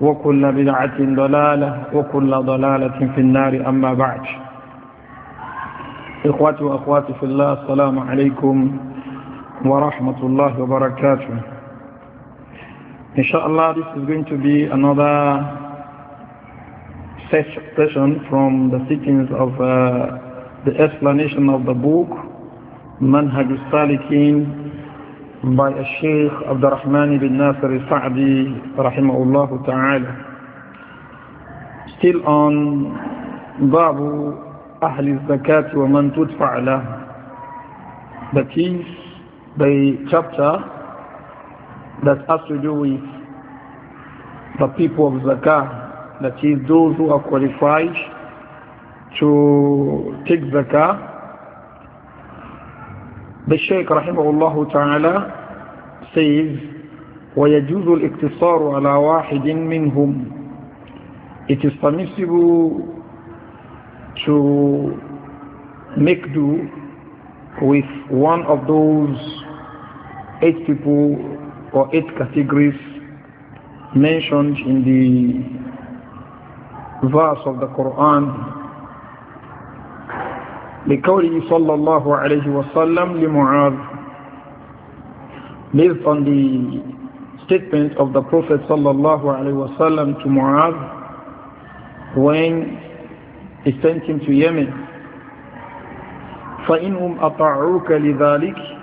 وكل بدعة ضلالة وكل ضلالة في النار أما بعد إخواتي وأخواتي في الله السلام عليكم ورحمة الله وبركاته إن شاء الله this is going to be another session from the sittings of uh, the explanation of the book Manhaj al-Salikin by Sheikh Abdul Rahman bin Nasir al-Sa'di rahimahullah ta'ala still on Babu Ahl al-Zakat wa man tudfa' The that is the chapter that has to do with the people of Zakah that is those who are qualified to take Zakah the Shaykh rahimahullah ta'ala says, ويجوز الاقتصار على واحد منهم It is permissible to make do with one of those eight people or eight categories mentioned in the verse of the Quran لقوله صلى الله عليه وسلم لمعاذ based on the statement of the Prophet sallallahu alaihi wasallam to Muaz when he sent him to Yemen. فَإِنْهُمْ أَطَعُوكَ لِذَلِكَ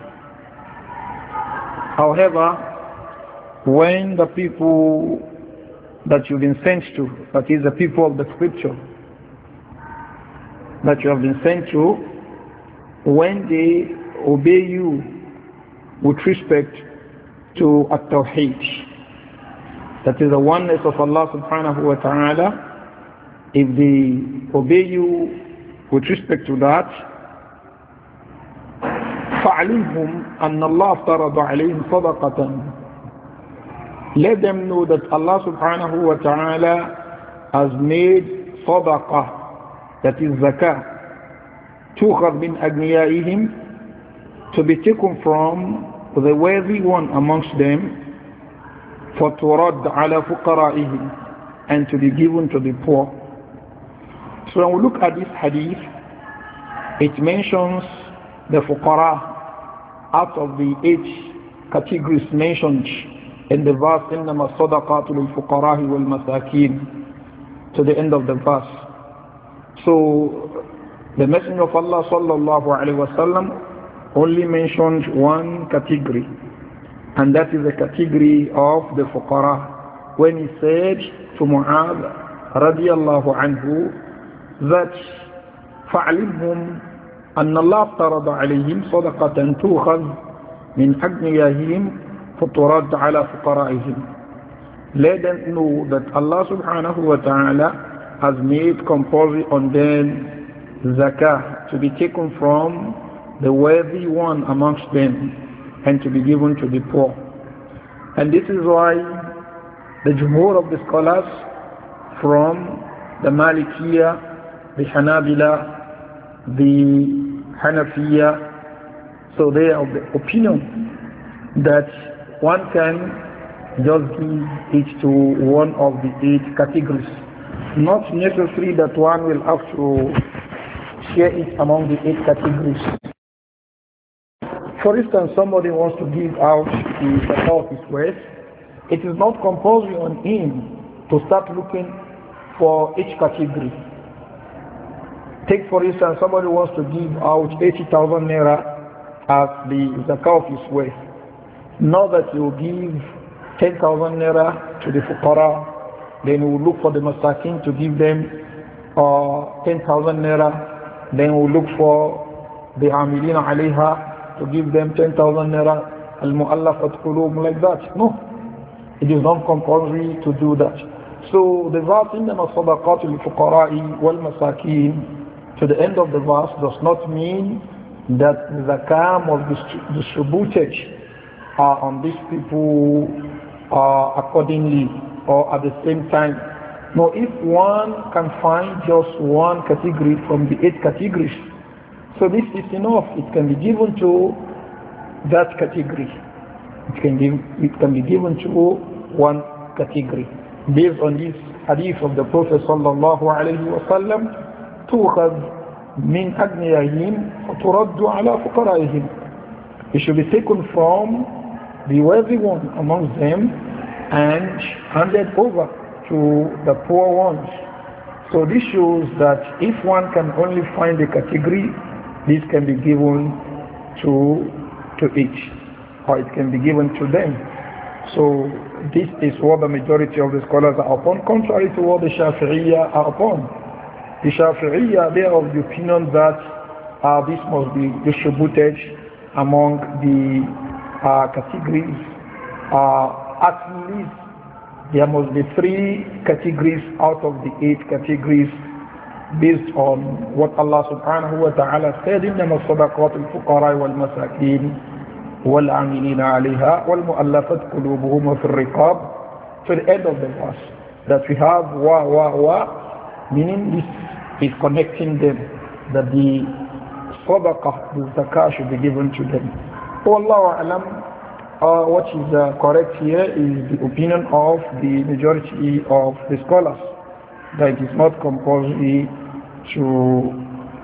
However, when the people that you've been sent to, that is the people of the scripture, that you have been sent to, when they obey you with respect to At-Tawheed, that is the oneness of Allah subhanahu wa ta'ala, if they obey you with respect to that, فَعْلِمْهُمْ أَنَّ اللَّهَ افْتَرَضَ عَلَيْهِمْ صَدَقَةً let them know that Allah subhanahu wa ta'ala has made sadaqah that is zakah, been مِنْ ihim to be taken from the worthy one amongst them, فَتُرَدْ عَلَى فُقَرَائِهِمْ and to be given to the poor. So when we look at this hadith, it mentions the fuqara out of the eight categories mentioned in the verse إِنَّمَا الصَّدَقَاتُ لِلْفُقَرَاءِ وَالْمَسَاكِينَ to the end of the verse. So the Messenger of Allah sallallahu alaihi wasallam only mentioned one category, and that is the category of the fuqara. When he said to Mu'adh radiallahu anhu that فَعْلِمْهُمْ أَنَّ اللَّهَ افترض عَلَيْهِمْ صَدَقَةً تُؤْخَذْ مِنْ أَغْنِيَاهِمْ فطرد عَلَى فُقَرَائِهِمْ Let them know that Allah subhanahu wa ta'ala has made compulsory on them zakah to be taken from the worthy one amongst them and to be given to the poor. And this is why the jumhur of the scholars from the Malikiya, the Hanabila, the Hanafiya, so they are of the opinion that one can just give each to one of the eight categories not necessary that one will have to share it among the eight categories. For instance, somebody wants to give out the zakat of his wealth, it is not compulsory on him to start looking for each category. Take for instance, somebody wants to give out 80,000 naira as the zakah of his wealth. Not that you give 10,000 naira to the fuqara then we will look for the masakin to give them uh, 10,000 naira. Then we will look for the amilina alayha to give them 10,000 naira. Al-mu'allafat qulub like that. No. It is not compulsory to do that. So the verse إنما صدقات wal masakin to the end of the verse does not mean that zakah must be distributed uh, on these people uh, accordingly or at the same time. Now, if one can find just one category from the eight categories, so this is enough. It can be given to that category. It can, it can be given to one category. Based on this hadith of the Prophet sallallahu alayhi wa sallam, min من أغنيائهم على فقرائهم. It should be taken from the worthy one among them and handed over to the poor ones. So this shows that if one can only find a category, this can be given to, to each, or it can be given to them. So this is what the majority of the scholars are upon, contrary to what the Shafi'iyya are upon. The Shafi'iyya, they are of the opinion that uh, this must be distributed among the uh, categories uh, at least there must be three categories out of the eight categories based on what Allah subhanahu wa ta'ala said wal الصدقات wal والمساكين والعاملين wal-mu'allafat قلوبهم وفي riqab to the end of the verse that we have wa wa wa meaning this is connecting them that the sadaqah the zakah should be given to them. Oh Allah alam what is uh, correct here is the opinion of the majority of the scholars that it is not compulsory to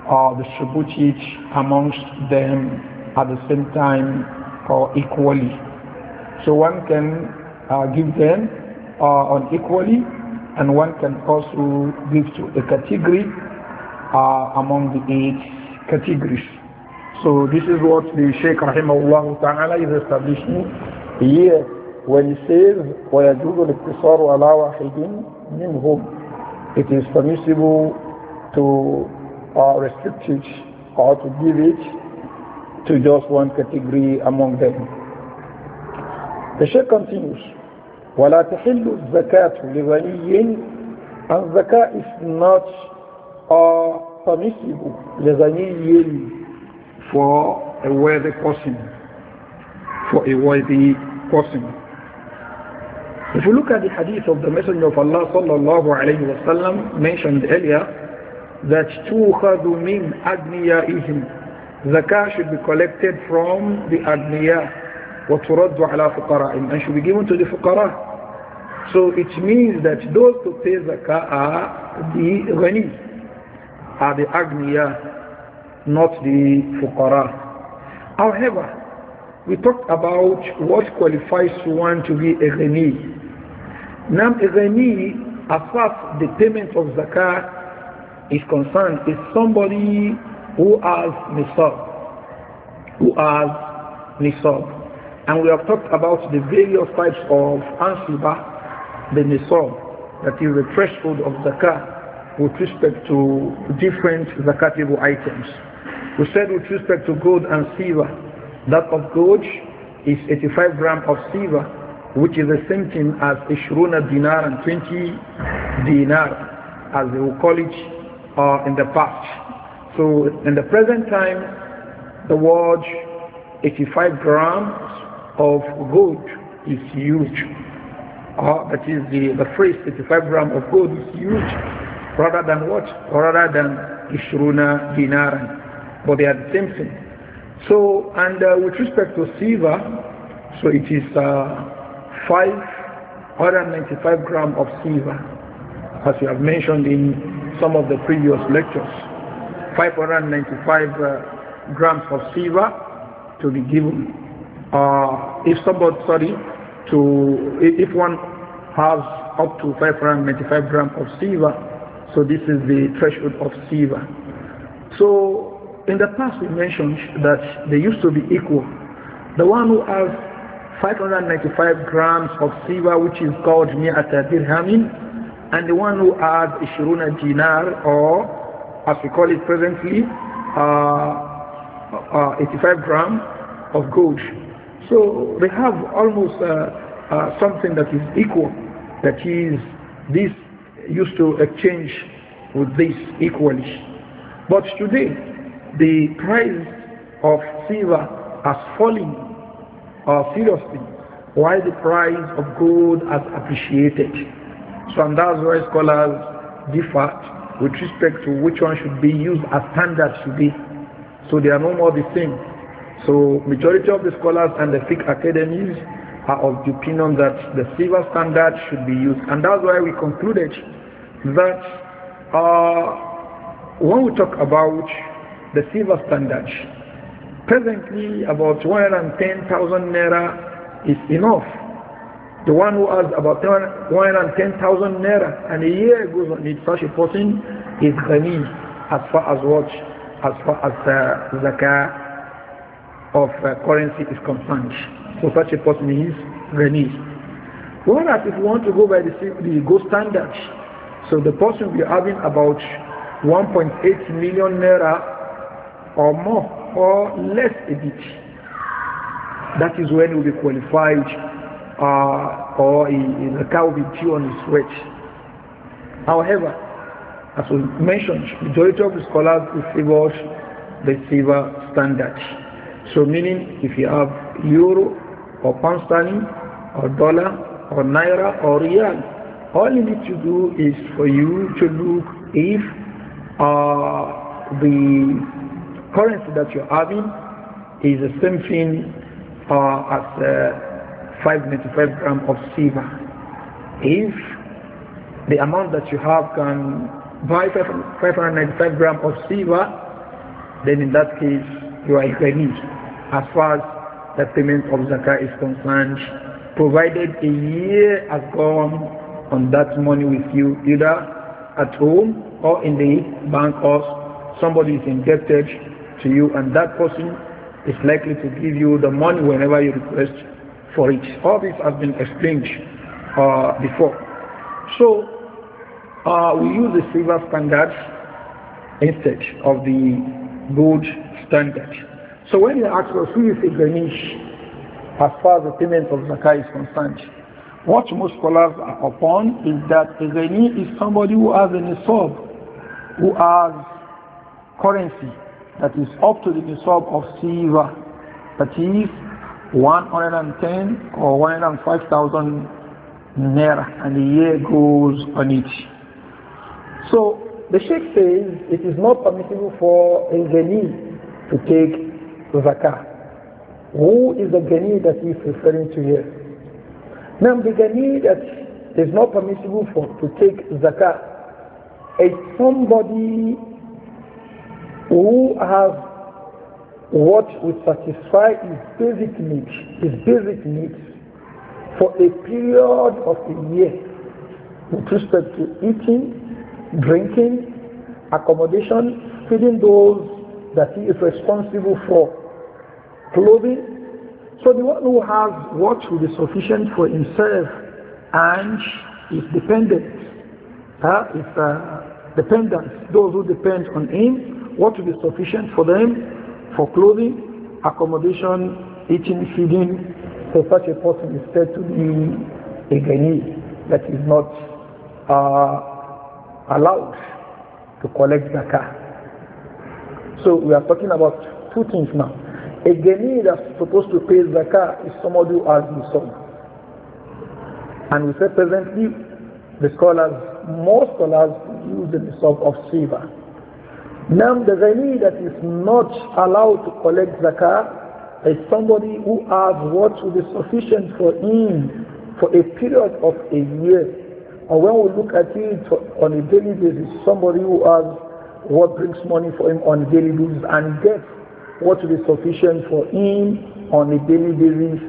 uh, distribute it amongst them at the same time or equally. So one can uh, give them uh, unequally and one can also give to a category uh, among the eight categories. So this is what the Shaykh Rahimahullah Ta'ala is establishing here when he says, وَيَجُودُ الْإِقْتِصَارُ عَلَى وَاحِدٍ مِنْهُمْ It is permissible to uh, restrict it or to give it to just one category among them. The Shaykh continues, وَلَا تَحِلُّ الزَّكَاةُ لِغَنِيٍّ And zakah is not uh, permissible لِغَنِيٍّ for a worthy person. For a worthy person. If you look at the hadith of the Messenger of Allah sallallahu alayhi wa sallam mentioned earlier, that تُوْخَذُ مِنْ أَدْنِيَائِهِمْ Zakah should be collected from the adniya وَتُرَدُّ عَلَى فُقَرَائِهِمْ and should be given to the fuqara. So it means that those who pay zakah are the ghani, are the agniya, not the fuqara. However, we talked about what qualifies one to be a ghani. Now, a ghani, as far as the payment of zakah is concerned, is somebody who has nisab, who has nisab. And we have talked about the various types of ansiba, the nisab, that is the threshold of zakah with respect to different zakatable items. We said with respect to gold and silver, that of gold is 85 grams of silver, which is the same thing as Ishruna dinar and 20 dinar, as they will call it uh, in the past. So in the present time, the word 85 grams of gold is huge. Uh, that is the, the phrase 85 grams of gold is huge rather than what? Rather than Ishruna dinar but they are the same thing. So, and uh, with respect to silver, so it is uh, 595 gram of silver, as we have mentioned in some of the previous lectures. 595 uh, grams of silver to be given. Uh, if somebody, sorry, to if one has up to 595 grams of silver, so this is the threshold of silver. So in the past we mentioned that they used to be equal. The one who has 595 grams of silver, which is called mi'ata dirhamin, and the one who has ishruna dinar, or as we call it presently, uh, uh, 85 grams of gold. So they have almost uh, uh, something that is equal, that is this used to exchange with this equally. But today, the price of silver has fallen uh, seriously, while the price of gold has appreciated. So and that's why scholars differ with respect to which one should be used as standard should be. So they are no more the same. So majority of the scholars and the thick academies are of the opinion that the silver standard should be used. And that's why we concluded that uh, when we talk about the silver standard. Presently, about 110,000 naira is enough. The one who has about 110,000 naira and a year goes on need such a person is ghani as far as what, as far as uh, zakah of uh, currency is concerned. So such a person is ghani. Whereas if you want to go by the, the gold standard, so the person will be having about 1.8 million naira or more or less a bit. That is when will be qualified uh, or in a calvin will be due on the weight. However, as we mentioned, majority of the scholars favor the silver standard. So meaning if you have euro or pound sterling or dollar or naira or real, all you need to do is for you to look if uh, the currency that you're having is the same thing uh, as uh, 595 gram of silver. If the amount that you have can buy 595 gram of silver, then in that case you are Ghani as far as the payment of zakah is concerned, provided a year has gone on that money with you, either at home or in the bank or somebody is indebted to you and that person is likely to give you the money whenever you request for it. All this has been explained uh, before. So uh, we use the silver standard instead of the gold standard. So when you ask us who is a Ganesh as far as the payment of Zakah is concerned, what most scholars are upon is that a Ghani is somebody who has a nisab, who has currency that is up to the nisab of Siva, that is 110 or 105,000 naira, and the year goes on it. So the Sheikh says it is not permissible for a genie to take zakah. Who is the genie that he is referring to here? Now the genie that is not permissible for to take zakah is somebody who has what would satisfy his basic needs, his basic needs for a period of a year with respect to eating, drinking, accommodation, feeding those that he is responsible for, clothing. So the one who has what will be sufficient for himself and is dependent, uh, is uh, dependent, those who depend on him, what will be sufficient for them for clothing, accommodation, eating, feeding. So such a person is said to be a ghani that is not uh, allowed to collect zakah. So we are talking about two things now. A gani that's supposed to pay zakah is somebody who has nisab. And we say presently, the scholars, most scholars use the nisab of silver now the ghani that is not allowed to collect zakah is somebody who has what will be sufficient for him for a period of a year. And when we look at it on a daily basis, somebody who has what brings money for him on a daily basis and gets what will be sufficient for him on a daily basis.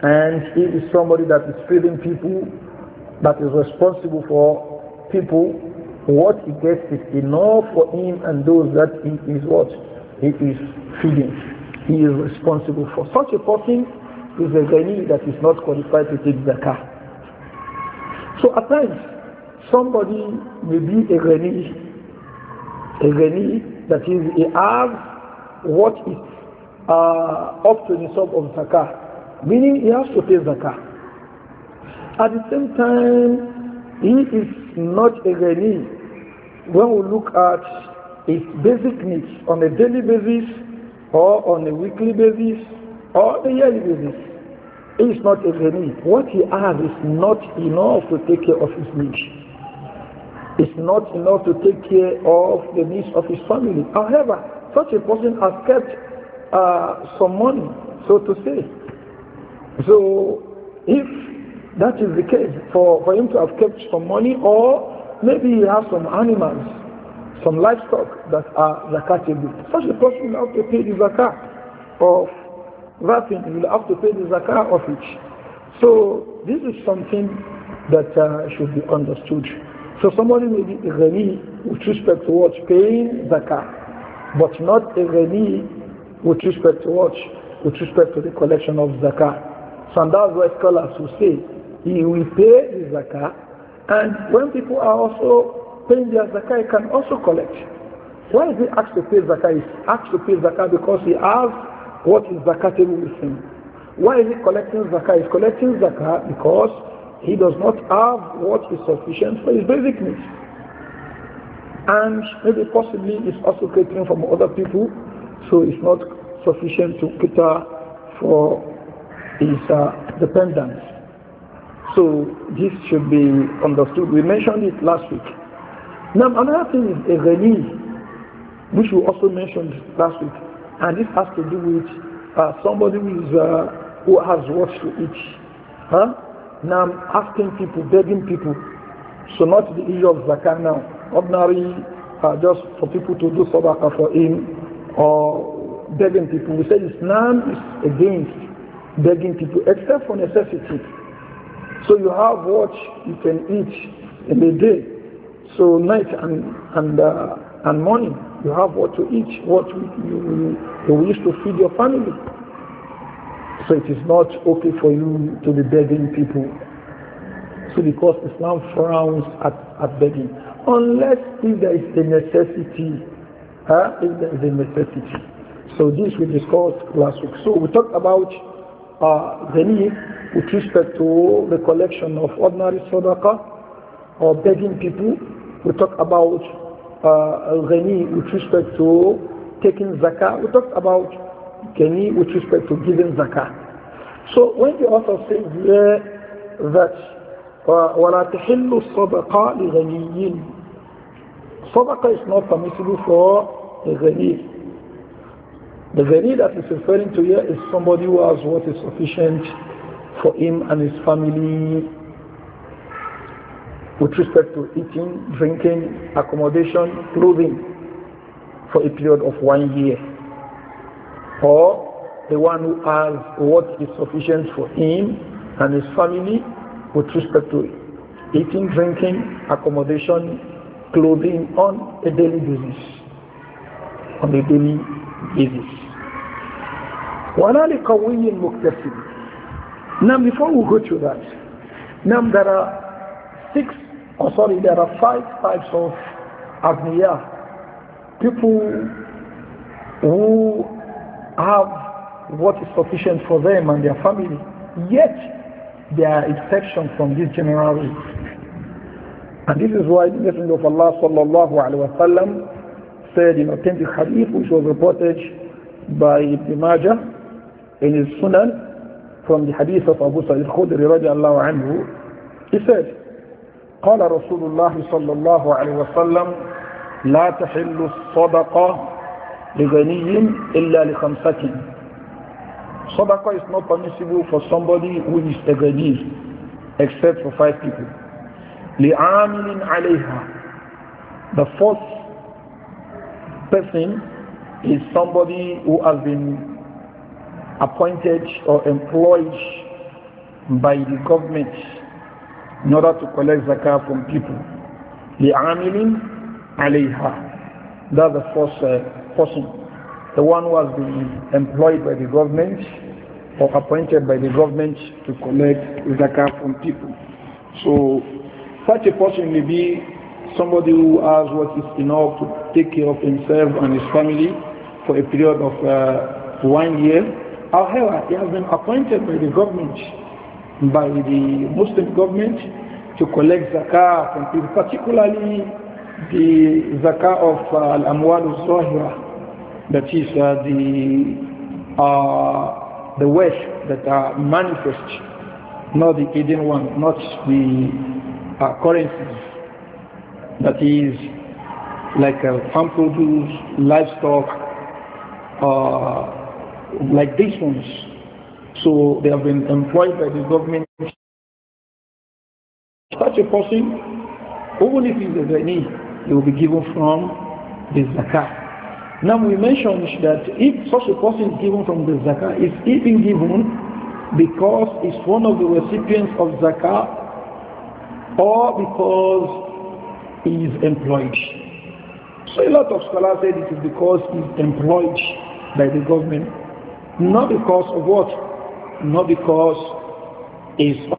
And he is somebody that is feeding people, that is responsible for people what he gets is enough for him and those that he is what? He is feeding. He is responsible for. Such a person is a genie that is not qualified to take the car. So at times, somebody may be a genie, a ghani that is, he has what is uh, up to the sub of the car, meaning he has to pay car. At the same time, he is not a ghani. When we look at his basic needs on a daily basis or on a weekly basis or a yearly basis, he is not a ghani. What he has is not enough to take care of his needs. It's not enough to take care of the needs of his family. However, such a person has kept uh, some money, so to say. So if that is the case for, for him to have kept some money or maybe he has some animals, some livestock that are zakatable. Such a person will have to pay the zakat of that thing. He will have to pay the zakat of it. So this is something that uh, should be understood. So somebody may be Irani with respect to what? Paying zakat, but not Irani with respect to what? With respect to the collection of zakat. So and that's why scholars will say he will pay the zakah. And when people are also paying their zakah, he can also collect. Why is he asked to pay zakah? He's asked to pay zakah because he has what is zakatable with him. Why is he collecting zakah? He's collecting zakah because he does not have what is sufficient for his basic needs. And maybe possibly is also catering from other people, so it's not sufficient to cater for his uh, dependence. So this should be understood. We mentioned it last week. Now another thing is a release, which we also mentioned last week, and this has to do with uh, somebody who, is, uh, who has what to each. Huh? Now I'm asking people, begging people. So not the issue of zakat now. Ordinary, uh, just for people to do sabaka for him or begging people. We say Islam is against begging people except for necessity. So you have what you can eat in the day. So night and and uh, and morning, you have what to eat, what you, you, wish to feed your family. So it is not okay for you to be begging people. So because Islam frowns at, at begging, unless if there is a necessity, huh? if there is a necessity. So this we discussed last week. So we talked about the need, with respect to the collection of ordinary sadaqah or begging people. We talk about uh, with respect to taking zakah. We talked about ghani with respect to giving zakah. So when the author says that that ولا تحل الصدقة لغني صدقة is not permissible for a غني the very that is referring to here is somebody who has what is sufficient for him and his family with respect to eating, drinking, accommodation, clothing for a period of one year. Or the one who has what is sufficient for him and his family with respect to eating, drinking, accommodation, clothing on a daily basis. On a daily basis. وَلَا لِقَوِيٍّ مُكْتَسِبٍ Now before we go to that, now there are six, or oh sorry, there are five types of agniya. People who have what is sufficient for them and their family, yet they are exceptions from this general rule. And this is why the Messenger of Allah sallallahu alaihi wasallam said in authentic hadith which was reported by Ibn Majah in his Sunan from the hadith of Abu Sa'id Khudri radiallahu anhu, he said, قال رسول الله صلى الله عليه وسلم لا تحل الصدقة لغني إلا لخمسة صَدَقَةٌ is not permissible for somebody who is a ghadir except for five people. لِعَامِلٍ عَلَيْهَا The fourth person is somebody who has been appointed or employed by the government in order to collect zakah from people. the amilin, عَلَيْهَا That's the first uh, person. The one who has been employed by the government or appointed by the government to collect zakah from people. So such a person may be somebody who has what is enough to take care of himself and his family for a period of uh, one year However, he has been appointed by the government, by the Muslim government, to collect zakah from people, particularly the zakah of uh, al-amwal al-zahira, that is uh, the, uh, the wealth that are manifest, not the hidden one, not the uh, currencies, that is like uh, farm produce, livestock, uh, like these ones. So they have been employed by the government. Such a person, even if he's a Zani, he will be given from the zakah. Now we mentioned that if such a person is given from the zakah, is even given because it's one of the recipients of zakah or because he is employed. So a lot of scholars say it is because he's employed by the government. Not because of what? Not because he is,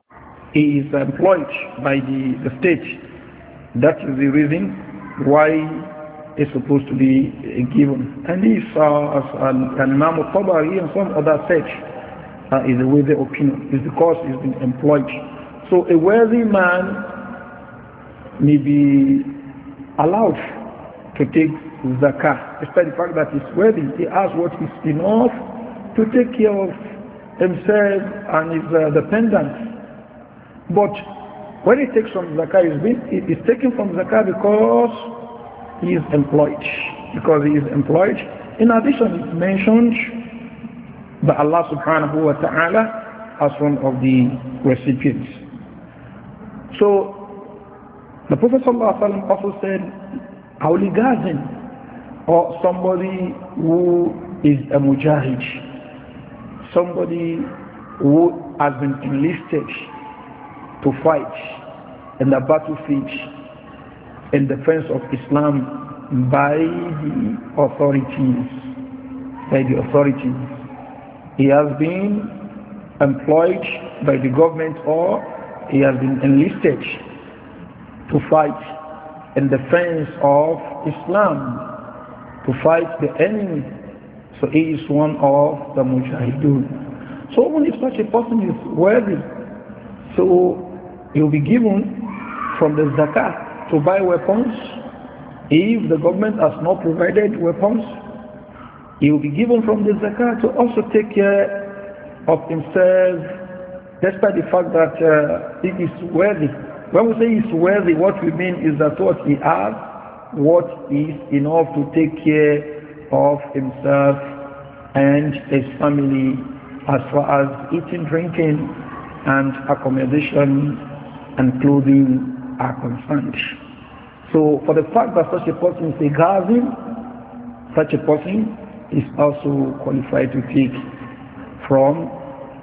he is employed by the, the state. That is the reason why is supposed to be given. And if uh, as an Imam al-Tabari and some other such, uh, is with the opinion, is because he's been employed. So a wealthy man may be allowed to take zakah, despite the fact that he's worthy. he has what is enough to take care of himself and his uh, dependents. But when he takes from zakah, he's, been, he's taken from zakah because he is employed. Because he is employed. In addition, it's mentioned that Allah subhanahu wa ta'ala as one of the recipients. So, the Prophet also said, Awligazin, or somebody who is a mujahid, somebody who has been enlisted to fight in the battlefield in defense of Islam by the authorities. By the authorities. He has been employed by the government or he has been enlisted to fight in defense of Islam, to fight the enemy so he is one of the mujahideen. So only such a person is worthy, so he will be given from the zakat to buy weapons. If the government has not provided weapons, he will be given from the zakat to also take care of himself, despite the fact that uh, he is worthy. When we say he is worthy, what we mean is that what he has, what is enough to take care of himself and his family as far as eating, drinking, and accommodation and clothing are concerned. So for the fact that such a person is a Ghazi, such a person is also qualified to take from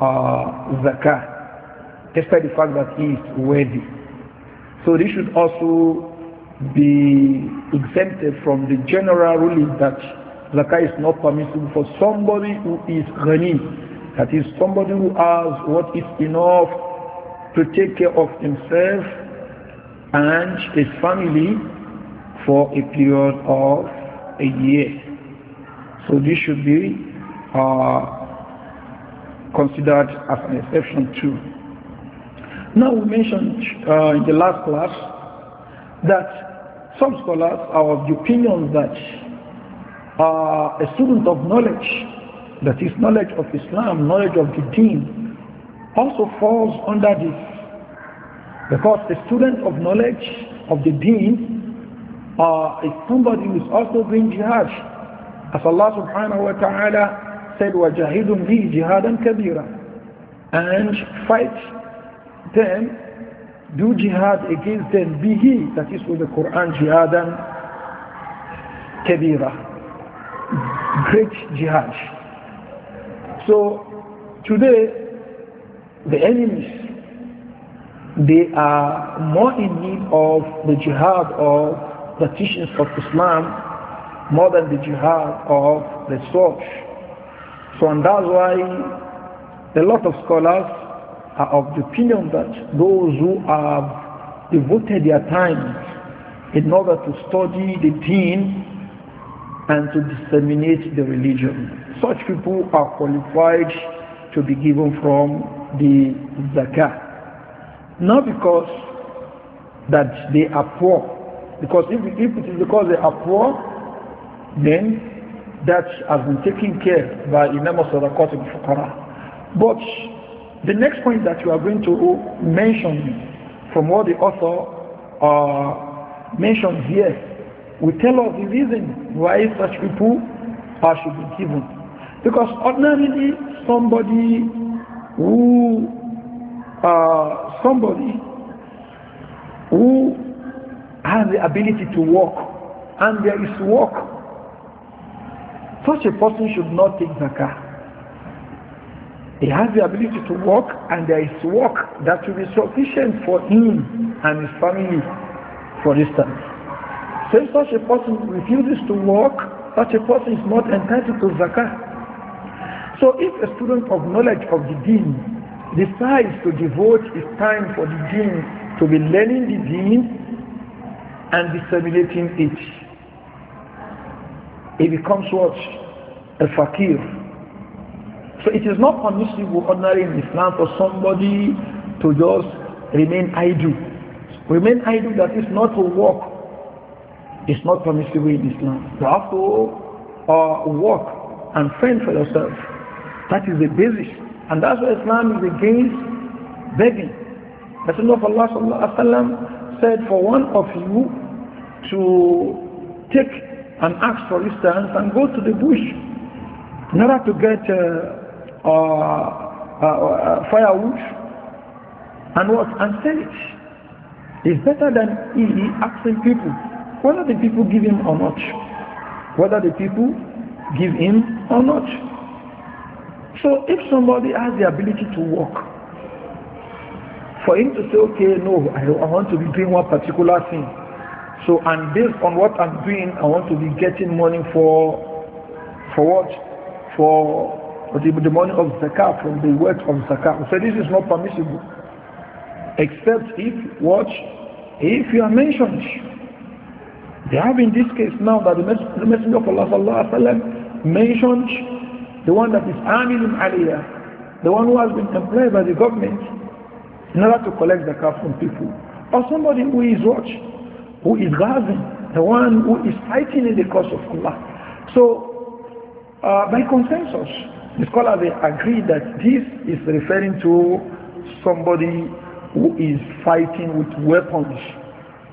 uh, Zakah, despite the fact that he is worthy. So this should also be exempted from the general ruling that Zakah is not permissible for somebody who is ghani. That is somebody who has what is enough to take care of himself and his family for a period of a year. So this should be uh, considered as an exception too. Now we mentioned uh, in the last class that some scholars are of the opinion that uh, a student of knowledge, that is knowledge of Islam, knowledge of the deen, also falls under this. Because a student of knowledge of the deen uh, is somebody who is also doing jihad. As Allah subhanahu wa ta'ala said, وَجَاهِدُمْ لِي جِهَادًا كَبِيرًا And fight them, do jihad against them, be he, that is with the Quran, jihadan kabira great jihad. So today, the enemies, they are more in need of the jihad of the teachings of Islam more than the jihad of the sword. So and that's why a lot of scholars are of the opinion that those who have devoted their time in order to study the deen and to disseminate the religion. Such people are qualified to be given from the zakah. Not because that they are poor, because if, if it is because they are poor, then that has been taken care by Imam Sadaqat al-Fuqara. But the next point that we are going to mention from what the author uh, mentioned here we tell us the reason why such people are should be given. Because ordinarily somebody who uh, somebody who has the ability to work and there is work, such a person should not take zakah. He has the ability to work and there is work that will be sufficient for him and his family, for instance. So if such a person refuses to work, such a person is not entitled to zakah. So if a student of knowledge of the deen decides to devote his time for the deen to be learning the deen and disseminating it, he becomes what? A fakir. So it is not permissible ordinary in Islam for somebody to just remain idle. Remain idle that is not to work it's not permissible in Islam. You have to uh, work and fend for yourself. That is the basis. And that's why Islam is against begging. Messenger of Allah said for one of you to take an axe for instance and go to the bush in order to get uh, uh, uh, uh firewood and what and sell it. It's better than asking people whether the people give him or not. Whether the people give him or not. So if somebody has the ability to work, for him to say, okay, no, I, I want to be doing one particular thing. So, and based on what I'm doing, I want to be getting money for, for what? For the, the money of Zakat from the wealth of Zakat. So this is not permissible. Except if, what? If you are mentioned. They have in this case now that the Messenger of Allah sallallahu alayhi wa mentioned the one that is in Aliyah, the one who has been employed by the government in order to collect the car from people. Or somebody who is watch, Who is guarding, the one who is fighting in the cause of Allah. So, uh, by consensus, the scholars agree that this is referring to somebody who is fighting with weapons.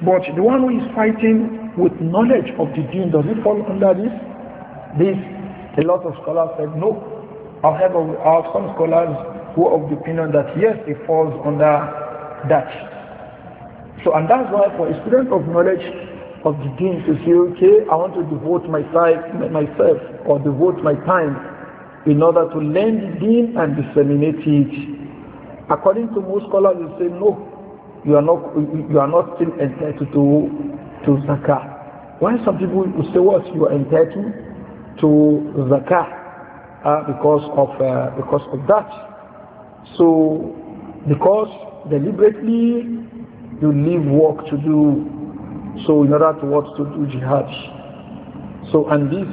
But the one who is fighting with knowledge of the deen, does it fall under this? This, a lot of scholars said no. However, have some scholars who are of the opinion that yes, it falls under that. So, and that's why for a student of knowledge of the deen to say, okay, I want to devote my time, myself or devote my time in order to learn the deen and disseminate it. According to most scholars, they say no, you are not, you are not still entitled to to zakah. Why some people will say, what, you are entitled to zakah uh, because, of, uh, because of that. So, because deliberately you leave work to do, so in order to what, to do jihad. So, and this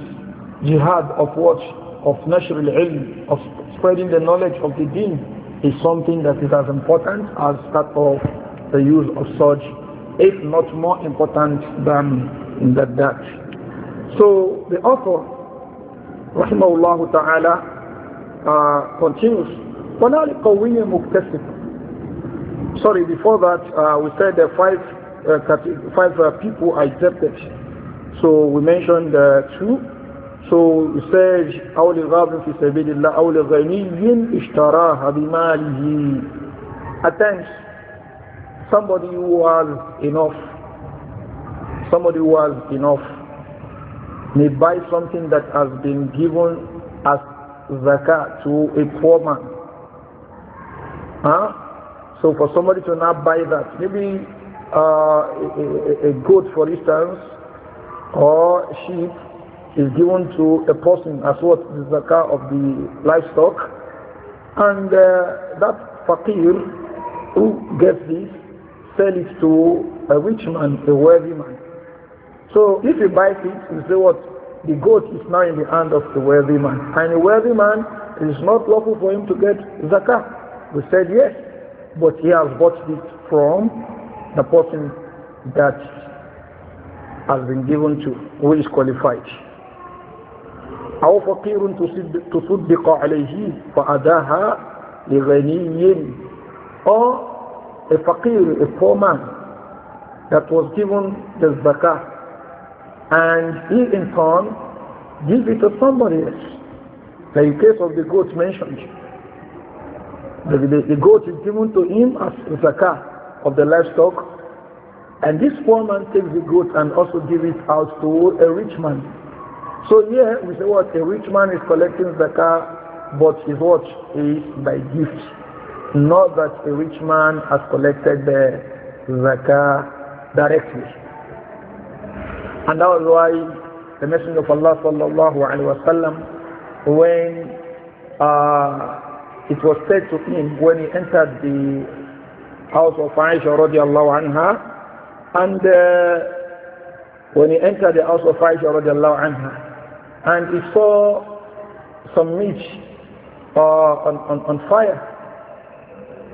jihad of what, of natural ilm, of spreading the knowledge of the deen is something that is as important as that of the use of such if not more important than that. that. So the author, rahimahullah ta'ala, uh, continues, Sorry, before that, uh, we said the five, uh, five uh, people are accepted. So we mentioned uh, two. So we said, أَوْ لِغَابٍ فِي سَبِيلِ اللَّهِ أَوْ لِغَيْنِيٍّ اشْتَرَاهَ بِمَالِهِ At times, somebody who has enough, somebody who has enough may buy something that has been given as zakat to a poor man. Huh? So for somebody to not buy that, maybe uh, a, a, goat for instance, or sheep is given to a person as what well the zakah of the livestock, and uh, that fakir who gets this sell it to a rich man, a wealthy man. So if he buys it, you say what? The goat is now in the hand of the wealthy man. And the wealthy man, it is not lawful for him to get zakah. We said yes, but he has bought it from the person that has been given to, who is qualified. أو فقير تصدق عليه فأداها لغني a faqir, a poor man, that was given the zakah, and he in turn gave it to somebody else. Like case of the goat mentioned. The, the, the goat is given to him as zakah of the livestock, and this poor man takes the goat and also gives it out to a rich man. So here we say what? A rich man is collecting zakah, but is what? Is by gift. Not that a rich man has collected the zakah directly. And that was why the Messenger of Allah sallallahu alaihi wasallam, when uh, it was said to him when he entered the house of Aisha radiallahu anha, and uh, when he entered the house of Aisha radiallahu anha and he saw some meat uh, on, on, on fire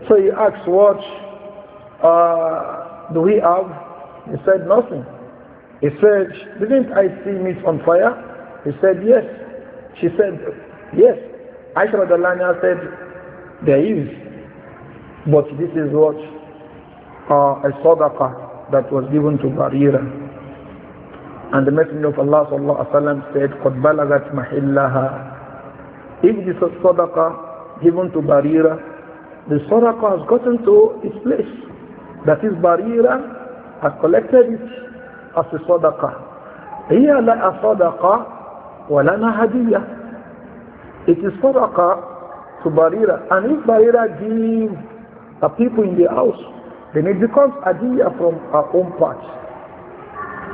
so he asked, what uh, do we have? He said, nothing. He said, didn't I see meat on fire? He said, yes. She said, yes. Aisha Radhalania said, there is. But this is what uh, a sadaqa that was given to Barira. And the Messenger of Allah sallallahu alaihi wasallam said, قَدْ بَلَغَتْ مَحِلَّهَا If this sadaqa sadaqah given to Barira, the sadaqah has gotten to its place. That is Barira has collected it as a sadaqah. هي لها صدقة ولنا هدية. It is sadaqah to Barira. And if Barira gives the people in the house, then it becomes adiyah from our own part.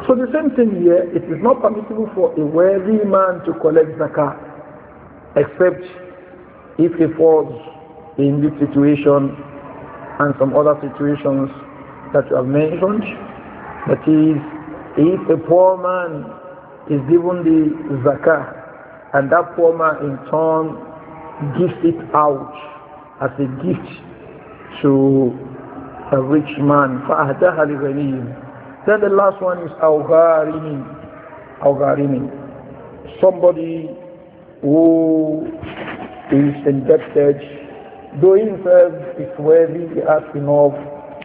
So the same thing here, it is not permissible for a wealthy man to collect zakah, except if he falls in this situation and some other situations that you have mentioned. That is, if a poor man is given the zakah and that poor man in turn gives it out as a gift to a rich man, Then the last one is أَوْغَارِمِ أَوْغَارِمِ Somebody who is indebted Though himself is worthy, he has enough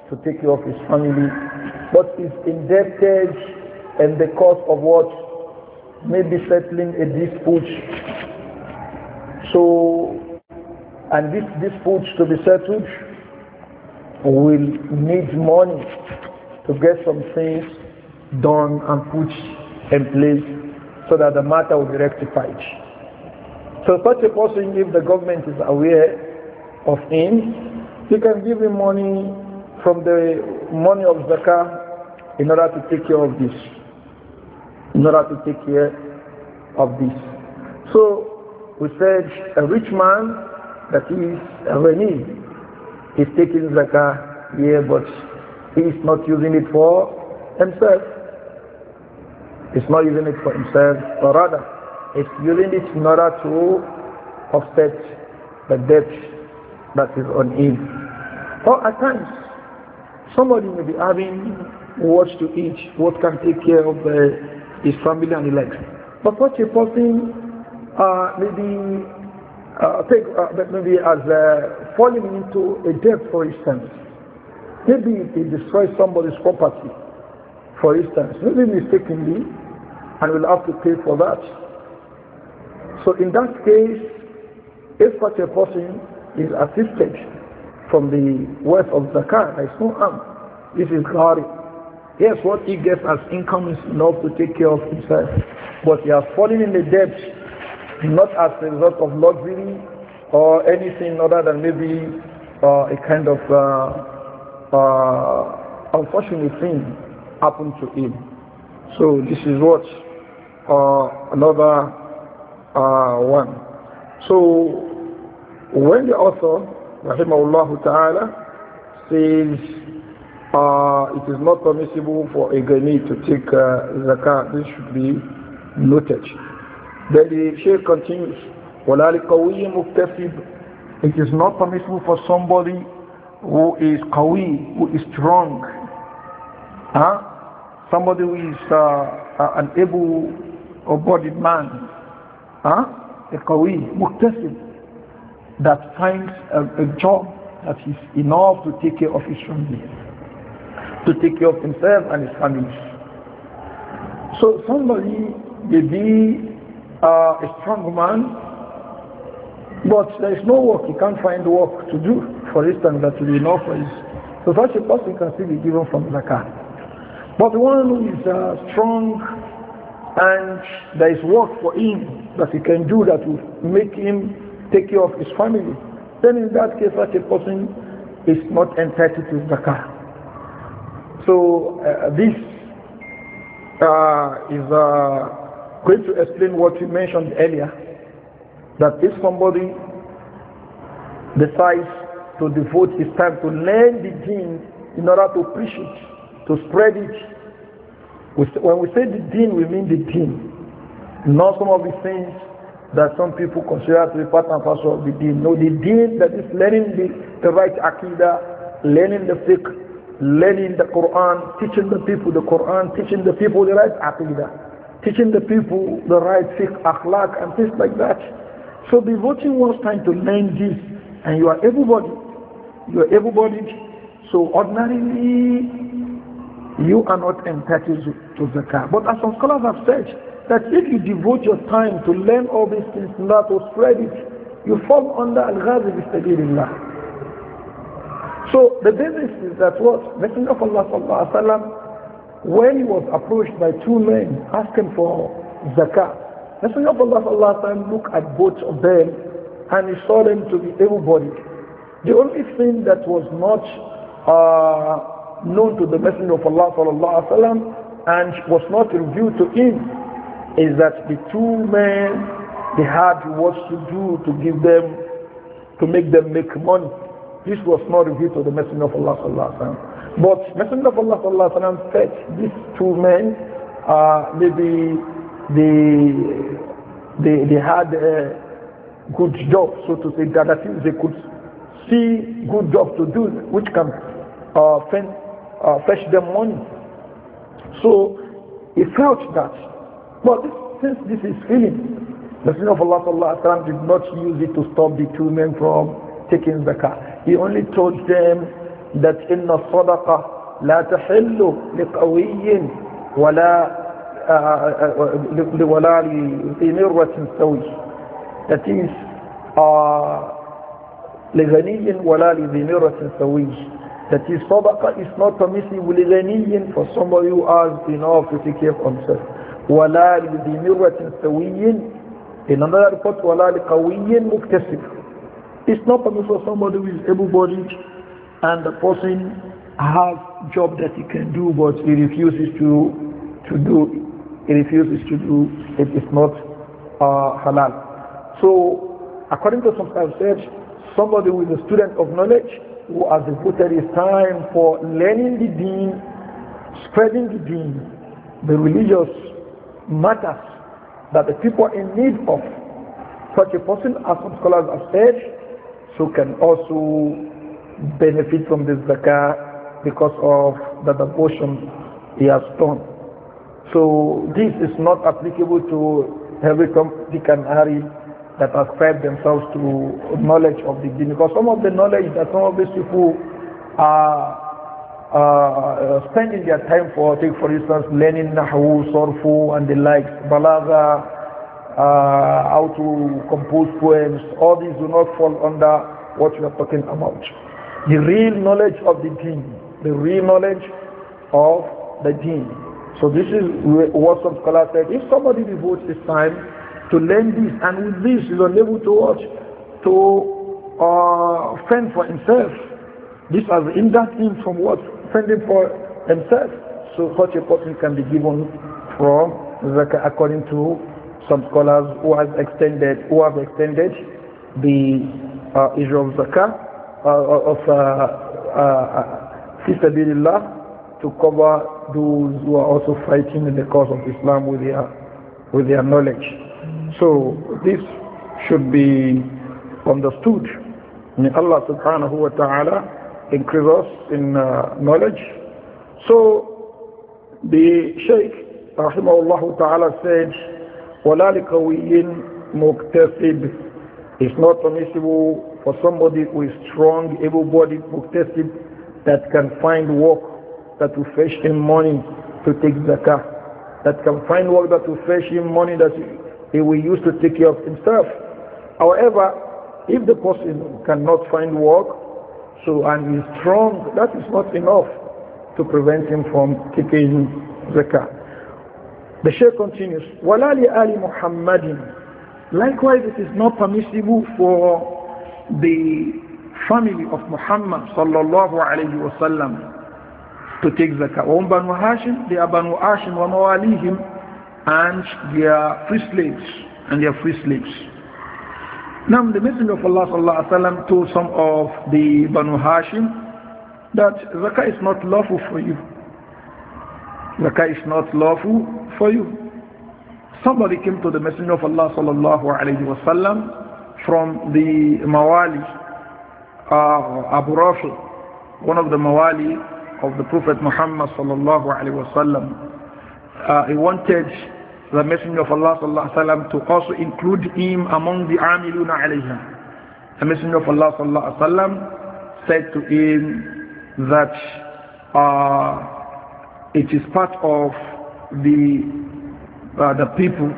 to take care of his family, but is indebted and the cause of what may be settling a dispute. So, and this dispute to be settled will need money to get some things done and put in place so that the matter will be rectified. So such a person, if the government is aware of him, he can give him money from the money of zakah in order to take care of this. In order to take care of this. So we said a rich man that is a reni is taking zakah here yeah, but he is not using it for himself. He's not using it for himself, or rather, he's using it in order to offset the debt that is on him. Or at times, somebody may be having what to eat, what can take care of uh, his family and his life. But such a person uh, maybe uh, take, uh, maybe as uh, falling into a debt, for instance. Maybe he destroys somebody's property, for instance, maybe mistakenly, and will have to pay for that. So in that case, if such a person is assisted from the wealth of zakat. There is no harm. This is ghari. Yes, what he gets as income is enough to take care of himself. But he has fallen in the debt not as a result of luxury or anything other than maybe uh, a kind of uh, uh, unfortunate thing happened to him. So this is what uh, another uh, one. So when the author, rahimahullah ta'ala, says uh, it is not permissible for a Ghani to take uh, zakah, this should be noted. Then the Shaykh continues, It is not permissible for somebody who is kawi, who is strong, huh? somebody who is uh, an able-bodied man, huh? a kawi muktasib, that finds a, a job that is enough to take care of his family, to take care of himself and his family. So somebody may be uh, a strong man, but there is no work, he can't find work to do, for instance, that will be enough for his. So such a person can still be given from zakat. But one who is uh, strong and there is work for him that he can do that will make him take care of his family, then in that case such a person is not entitled to zakah. So uh, this uh, is uh, going to explain what we mentioned earlier, that if somebody decides to devote his time to learn the deen in order to preach it, to spread it, when we say the deen, we mean the deen, not some of the things that some people consider to be part and parcel of the deen. No, the deen that is learning the, the right aqidah, learning the fiqh, learning the Quran, teaching the people the Quran, teaching the people the right aqidah, teaching the people the right fiqh, akhlaq and things like that. So the voting was time to learn this and you are everybody, you are everybody. So ordinarily you are not entitled to car. But as some scholars have said, that if you devote your time to learn all these things, not to spread it, you fall under al-ghazi Allah. So the basis is that what Messenger of Allah sallallahu alaihi wasallam, when he was approached by two men asking for zakat, Messenger of Allah sallallahu alaihi wasallam looked at both of them and he saw them to be able-bodied. The only thing that was not uh, known to the Messenger of Allah sallallahu alaihi wasallam and was not revealed to him is that the two men they had what to do to give them to make them make money. This was not revealed to the Messenger of Allah sallallahu But Messenger of Allah sallallahu alaihi said these two men uh, maybe they they they had a good job so to say that at they could see good job to do which can uh, fend, uh, fetch them money. So he felt that but since this is feeling, the sin of Allah sallallahu alayhi wa did not use it to stop the two men from taking zakah. He only told them that إِنَّ الصَّدَقَةَ لا تحل لقوي ولا ولا لمرة سوي that is uh, لغني ولا لمرة سوي that is صدقة is not permissible لغني for somebody who has enough to take care of himself ولا لذي مرة سوي in another report ولا لقوي مكتسب it's not because for somebody who is able-bodied and the person has job that he can do but he refuses to to do he refuses to do it is not uh, halal so according to some research somebody who is a student of knowledge who has devoted his time for learning the deen spreading the deen the religious matters that the people in need of such a person, as some scholars have said, so can also benefit from this zakah because of the devotion he has done. So this is not applicable to every Dick that ascribe themselves to knowledge of the deen because some of the knowledge that some of these people are uh, spending their time for, take for instance, learning Nahu, Sorfu, and the likes, Balaga, uh, how to compose poems, all these do not fall under what we are talking about. The real knowledge of the deen, the real knowledge of the deen. So this is what some scholars said. If somebody devotes his time to learn this, and with this is unable to watch, to uh, fend for himself, this has hindered him from what? spending for themselves. So such a person can be given from zakah according to some scholars who has extended who have extended the uh, issue of zakah uh, of Sister uh, uh, to cover those who are also fighting in the cause of Islam with their with their knowledge. So this should be understood. May Allah subhanahu wa ta'ala increase us in uh, knowledge. So the Shaykh rahimahullah ta'ala said, وَلَا لِكَوِيٍ مُكْتَسِبٍ It's not permissible for somebody who is strong, able-bodied, muktasib, that can find work that will fetch him money to take zakah, that can find work that will fetch him money that he will use to take care of himself. However, if the person cannot find work, so, and he's strong, that is not enough to prevent him from taking zakah. The Shaykh continues, وَلَا Ali Muhammadin. Likewise, it is not permissible for the family of Muhammad sallallahu alayhi wa sallam to take zakah. وَهُمْ بَنُوا هَاشِمْ They are Banu Hashim وَمَوَالِيهِمْ and they are free slaves, and they are free slaves. Now the Messenger of Allah sallallahu told some of the Banu Hashim that zakah is not lawful for you. Zakah is not lawful for you. Somebody came to the Messenger of Allah sallallahu from the Mawali, uh, Abu Rafi, one of the Mawali of the Prophet Muhammad sallallahu alaihi wasallam. Uh, he wanted the Messenger of Allah sallallahu alaihi wasallam to also include him among the amiluna alayha. The Messenger of Allah sallallahu alaihi wasallam said to him that uh, it is part of the uh, the people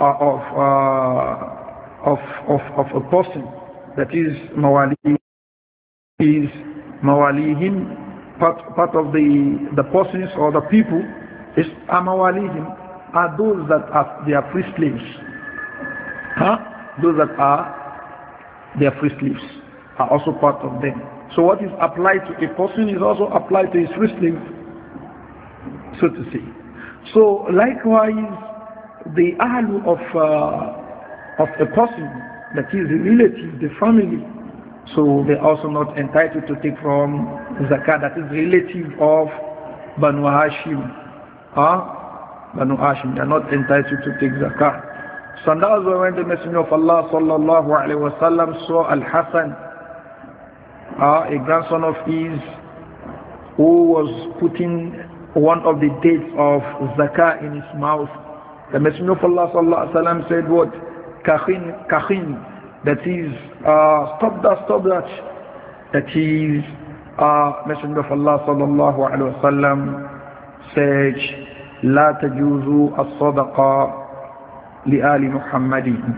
uh, of, uh, of of of a person that is mawali is mawalihim part part of the the persons or the people is amawalihim are those that are they are free slaves. Huh? Those that are they are free slaves are also part of them. So what is applied to a person is also applied to his free slave, so to say. So likewise, the ahlu of uh, of a person that is relative, the family, so they are also not entitled to take from zakat that is relative of Banu Hashim. Huh? Banu Hashim. They are not entitled to take zakah. So that was when the Messenger of Allah sallallahu alayhi wa sallam saw Al-Hassan, uh, a grandson of his, who was putting one of the dates of zakah in his mouth. The Messenger of Allah sallallahu alayhi wa sallam said what? kahin, kahin? That is, uh, stop that, stop that. That is, uh, Messenger of Allah sallallahu alayhi wa sallam said, لا تجوز الصدقة لآل محمد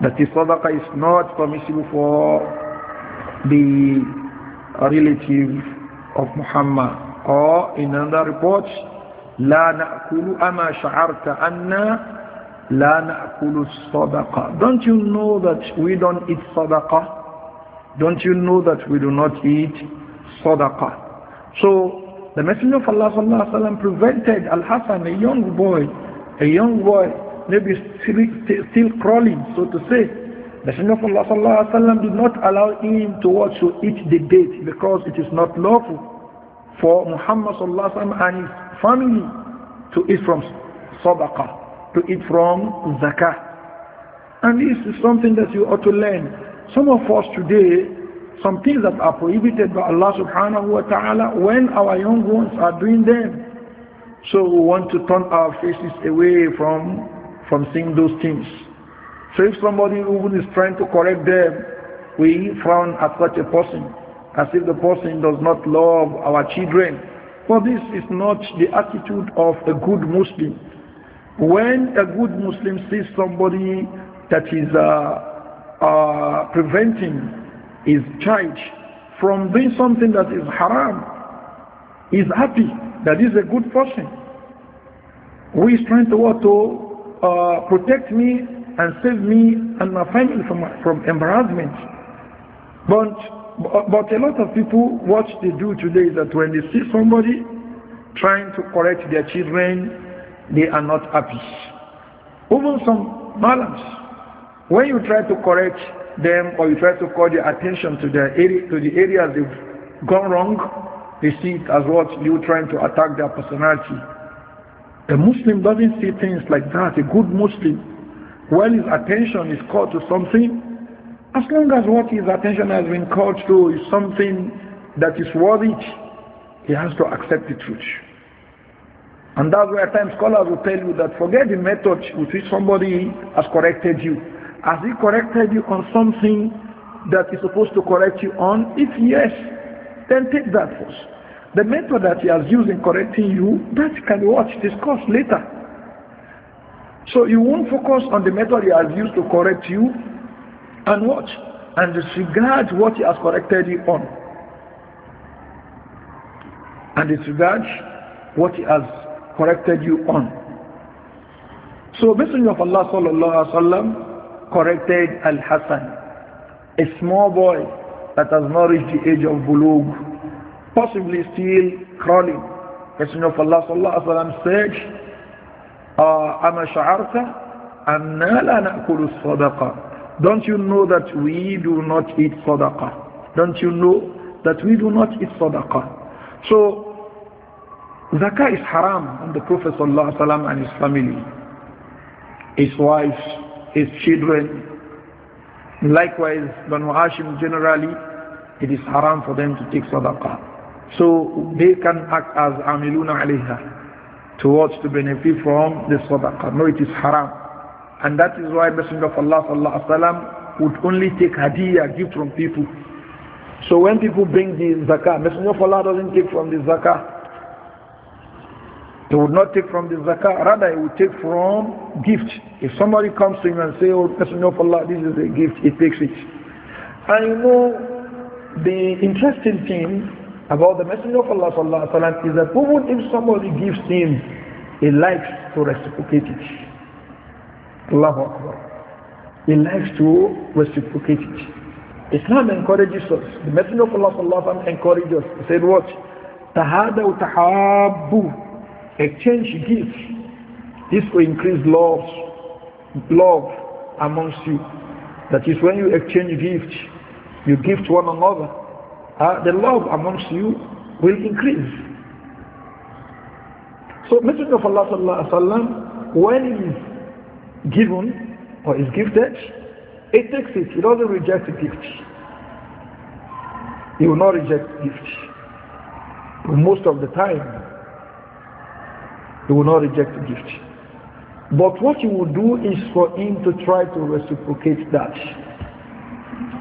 that the sadaqa is not permissible for the relative of Muhammad or in another report لا نأكل أما شعرت أن لا نأكل الصدقة don't you know that we don't eat صدقة don't you know that we do not eat صدقة so the Messenger of Allah prevented Al Hassan, a young boy, a young boy, maybe still, still crawling, so to say. The Messenger of Allah did not allow him to watch to eat the date because it is not lawful for Muhammad and his family to eat from sadaqah, to eat from zakah. And this is something that you ought to learn. Some of us today some things that are prohibited by Allah subhanahu wa ta'ala when our young ones are doing them. So we want to turn our faces away from, from seeing those things. So if somebody is trying to correct them, we frown at such a person as if the person does not love our children. For this is not the attitude of a good Muslim. When a good Muslim sees somebody that is uh, uh, preventing is charged from doing something that is haram is happy that is a good person who is trying to, what to uh, protect me and save me and my family from, from embarrassment. But, but a lot of people, what they do today is that when they see somebody trying to correct their children, they are not happy. Even some malams, when you try to correct them or you try to call their attention to the area to the areas they've gone wrong, they see it as what you trying to attack their personality. A Muslim doesn't see things like that. A good Muslim, when his attention is called to something, as long as what his attention has been called to is something that is worthy, he has to accept the truth. And that's where at scholars will tell you that forget the method with which somebody has corrected you. Has he corrected you on something that he's supposed to correct you on? If yes, then take that first. The method that he has used in correcting you, that can be watched, discussed later. So you won't focus on the method he has used to correct you and watch and disregard what he has corrected you on. And disregard what he has corrected you on. So Messenger of Allah sallallahu wa wasallam corrected Al-Hassan, a small boy that has not reached the age of bulug, possibly still crawling. Messenger of Allah sallallahu alaihi wasallam said, ah, "Ama sha'arta anna la na'kulu sadaqa." Don't you know that we do not eat sadaqa? Don't you know that we do not eat sadaqa? So zakah is haram on the Prophet sallallahu alaihi wasallam and his family, his wife, his children. Likewise, Banu Hashim generally, it is haram for them to take sadaqah. So they can act as amiluna alayha towards to benefit from the sadaqah. No, it is haram. And that is why Messenger of Allah sallallahu would only take hadiyah, gift from people. So when people bring the zakah, Messenger of Allah doesn't take from the zakah. He would not take from the zakah, rather he would take from gift. If somebody comes to him and say, oh, Messenger of Allah, this is a gift, he takes it. And you know, the interesting thing about the Messenger of Allah sallallahu sallam, is that even if somebody gives him, he likes to reciprocate it. Allahu Akbar. He likes to reciprocate it. Islam encourages us. The Messenger of Allah sallallahu sallam, encourages us. He said what? تهادوا تحابوا exchange gifts. This will increase love, love amongst you. That is when you exchange gifts, you give to one another, uh, the love amongst you will increase. So Messenger of Allah sallallahu alaihi wasallam, when he is given or is gifted, he takes it. He doesn't reject the gift. He will not reject the gift. Most of the time, he will not reject the gift. But what he will do is for him to try to reciprocate that.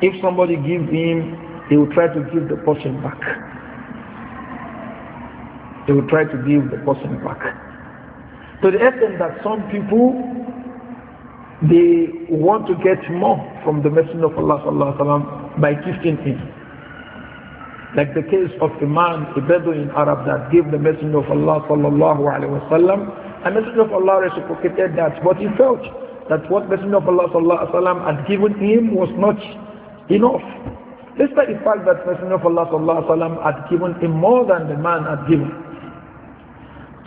If somebody gives him, he will try to give the person back. He will try to give the person back. To the extent that some people, they want to get more from the Messenger of Allah by gifting him. Like the case of a man, a Bedouin Arab that gave the Messenger of Allah sallallahu alaihi wasallam. And Messenger of Allah reciprocated that, but he felt that what Messenger of Allah sallallahu had given him was not enough. Despite the fact that Messenger of Allah sallallahu had given him more than the man had given.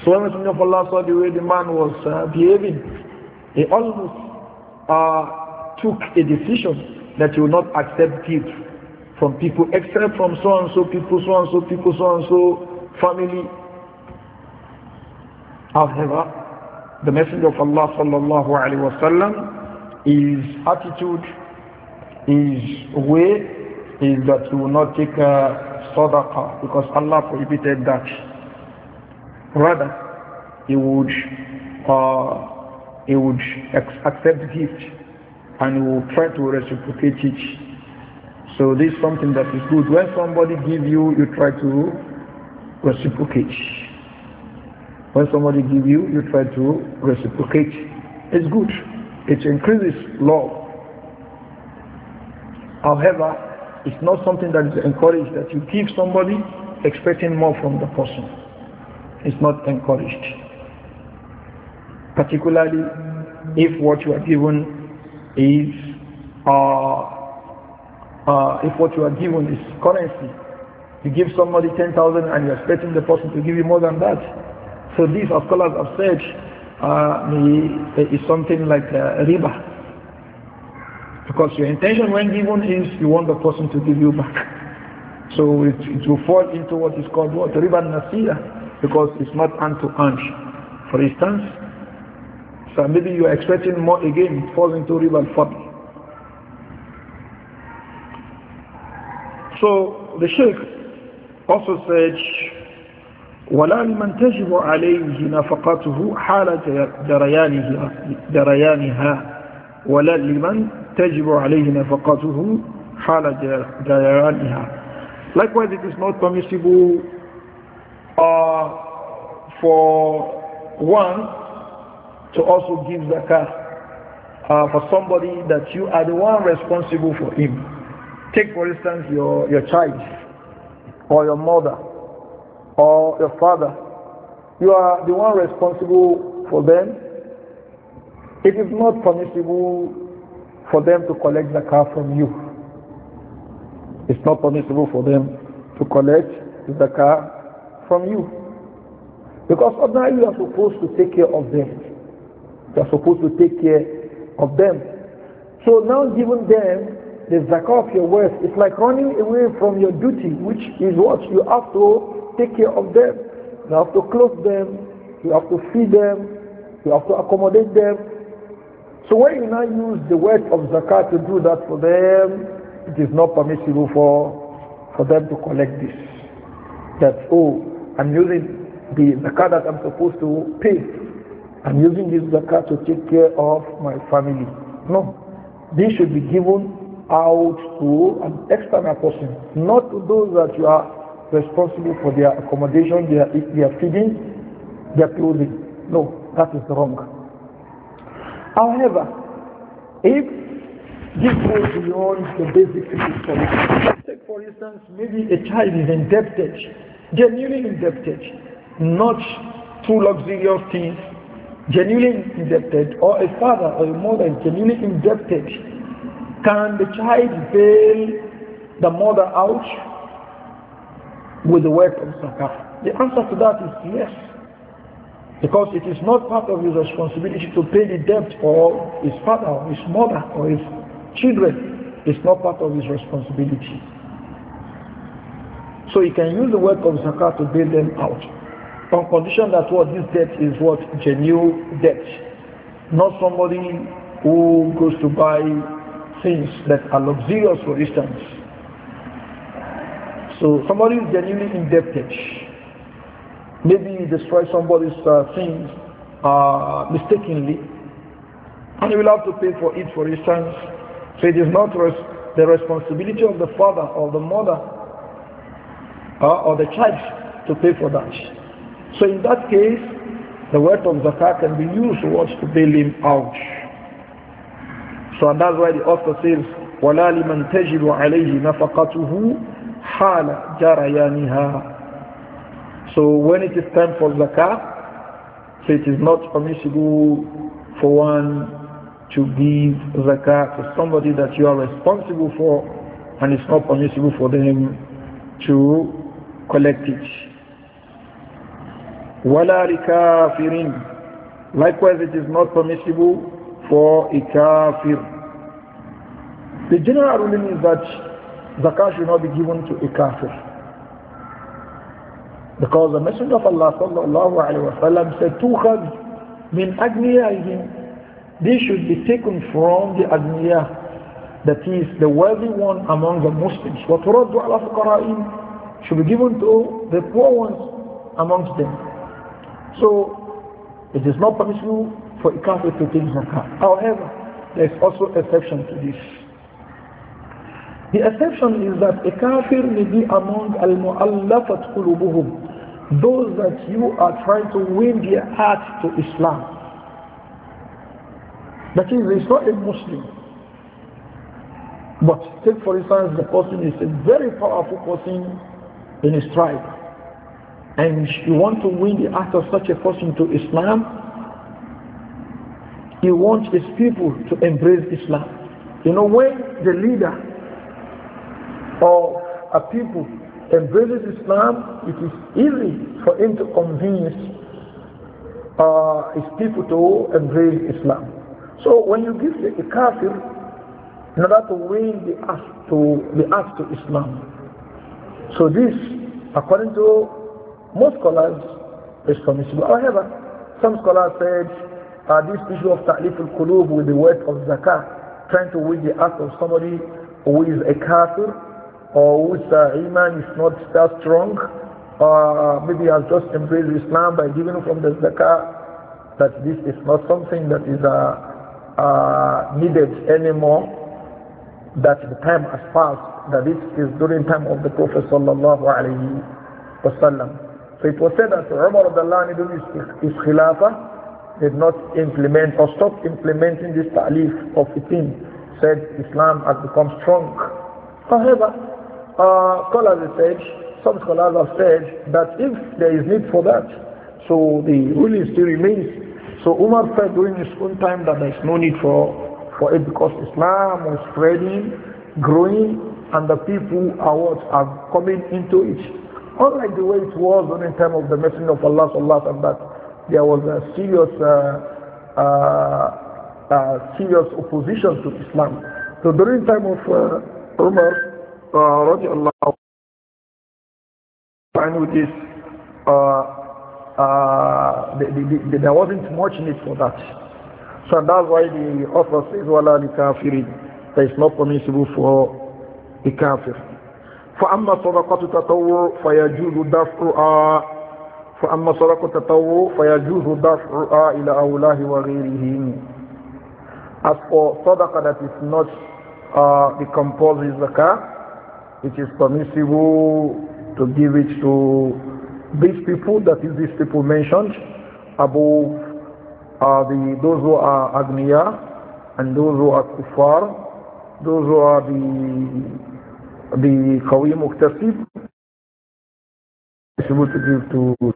So when Messenger of Allah saw the way the man was uh, behaving, he almost uh, took a decision that he would not accept it from people except from so and so people, so and so people, so and so family. However, the Messenger of Allah sallallahu alaihi wasallam, his attitude, his way is that he will not take a sadaqah because Allah prohibited that. Rather, he would, uh, he would accept gift and he will try to reciprocate it so this is something that is good. When somebody give you, you try to reciprocate. When somebody give you, you try to reciprocate. It's good. It increases love. However, it's not something that is encouraged that you give somebody expecting more from the person. It's not encouraged. Particularly if what you are given is uh, uh, if what you are given is currency, you give somebody 10,000 and you're expecting the person to give you more than that. So these as scholars have said uh, is something like uh, riba. Because your intention when given is you want the person to give you back. So it, it will fall into what is called what? Riba nasira. Because it's not hand to hand. For instance, so maybe you are expecting more again, it falls into riba al So the Sheikh also said, ولا لمن تجب عليه نفقته حال دريانها دريانها ولا لمن تجب عليه نفقته حال دريانها Likewise, it is not permissible uh, for one to also give zakah uh, for somebody that you are the one responsible for him. Take for instance your, your child or your mother or your father. You are the one responsible for them. It is not permissible for them to collect the car from you. It's not permissible for them to collect the car from you. Because ordinarily you are supposed to take care of them. You are supposed to take care of them. So now giving them the zakah of your wealth. It's like running away from your duty, which is what? You have to take care of them. You have to clothe them. You have to feed them. You have to accommodate them. So when you now use the wealth of zakah to do that for them, it is not permissible for, for them to collect this. That's all. Oh, I'm using the zakah that I'm supposed to pay. I'm using this zakah to take care of my family. No. This should be given out to an external person, not to those that you are responsible for their accommodation, their, their feeding, their clothing. No, that is wrong. However, if this goes beyond the basic take for instance, maybe a child is indebted, genuinely indebted, not through luxurious things, genuinely indebted, or a father or a mother is genuinely indebted can the child bail the mother out with the work of zakah? The answer to that is yes. Because it is not part of his responsibility to pay the debt for his father or his mother or his children. It's not part of his responsibility. So he can use the work of zakah to bail them out. On condition that what this debt is what genuine debt. Not somebody who goes to buy things that are luxurious, for instance. So somebody is genuinely indebted. Maybe he destroyed somebody's uh, things uh, mistakenly, and he will have to pay for it, for instance. So it is not res the responsibility of the father or the mother uh, or the child to pay for that. So in that case, the wealth of Zakat can be used to, to bail him out. So and that's why the author says, وَلَا لِمَنْ تَجِبُ عَلَيْهِ نَفَقَتُهُ حَالَ جَرَيَانِهَا So when it is time for zakah, so it is not permissible for one to give zakat to somebody that you are responsible for and it's not permissible for them to collect it. وَلَا لِكَافِرِينَ Likewise, it is not permissible for a kafir. The general ruling is that zakah should not be given to a kafir. Because the Messenger of Allah sallallahu alayhi wa sallam said, تُخَذْ min أَجْنِيَائِهِمْ This should be taken from the agniya, that is the wealthy one among the Muslims. وَتُرَدُّ عَلَى فُقَرَائِهِمْ Should be given to the poor ones amongst them. So, it is not permissible for a kafir to take zakah. However, there is also exception to this. The exception is that a kafir may be among al-mu'allafat qulubuhum, those that you are trying to win their heart to Islam. That is, he's not a Muslim. But take for instance, the person is a very powerful person in his tribe. And you want to win the heart of such a person to Islam, he wants his people to embrace Islam. You know, when the leader of a people embraces Islam, it is easy for him to convince uh, his people to embrace Islam. So when you give the, kafir, in order to win the ask to, the ask to Islam. So this, according to most scholars, is permissible. However, some scholars said uh, this issue of ta'lif al-qulub with the weight of zakah, trying to win the heart of somebody who is a kafir or whose uh, iman is not that strong, or uh, maybe has just embraced Islam by giving from the zakah, that this is not something that is uh, uh needed anymore, that the time has passed, that this is during time of the Prophet sallallahu alaihi wasallam. So it was said that Umar of the is, is, is Khilafah, did not implement or stop implementing this ta'lif of fitin, said Islam has become strong. However, uh, scholars have said, some scholars have said that if there is need for that, so the ruling still remains. So Umar said during his own time that there is no need for, for it because Islam was spreading, growing, and the people are what are coming into it. Unlike the way it was during the time of the Messenger of Allah sallallahu alaihi wasallam there was a serious uh, uh, uh, serious opposition to Islam. So during the time of uh, Umar, uh, radiallahu and with this, uh, uh, the, the, the, there wasn't much need for that. So that's why the author says, "Wala li kafirin," that is not permissible for the kafir. فأما صدقة تطوع فيجوز دفعها فأما التطوع فيجوز دفعها إلى أولاه وغيرهم As for sadaqah that is not uh, the composite it is permissible to give it to these people, that is these people mentioned above are uh, the, those who are Agniya and those who are Kuffar, those who are the, the Qawi Muqtasib, able to give to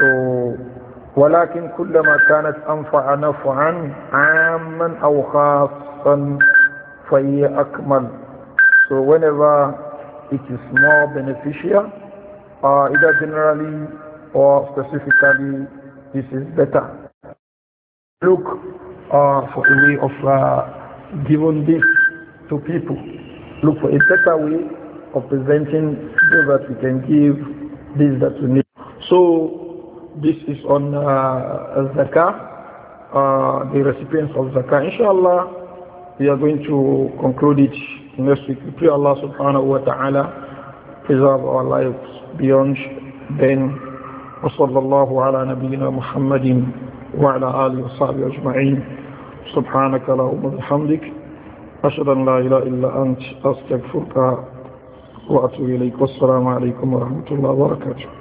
so ولكن كلما كانت أنفع نفعا عاما أو خاصا فهي أكمل so whenever it is more beneficial uh, either generally or specifically this is better look uh, for a way of uh, giving this to people look for a better way of presenting so that we can give this that we need so this is on uh, Zakah, uh, the recipients of Zakah. Inshallah, we are going to conclude it next week. We pray Allah subhanahu wa ta'ala preserve our lives beyond then. وصلى الله على نبينا محمد وعلى آله وصحبه أجمعين سبحانك اللهم وبحمدك أشهد أن لا إله إلا أنت أستغفرك وأتوب إليك والسلام عليكم ورحمة الله وبركاته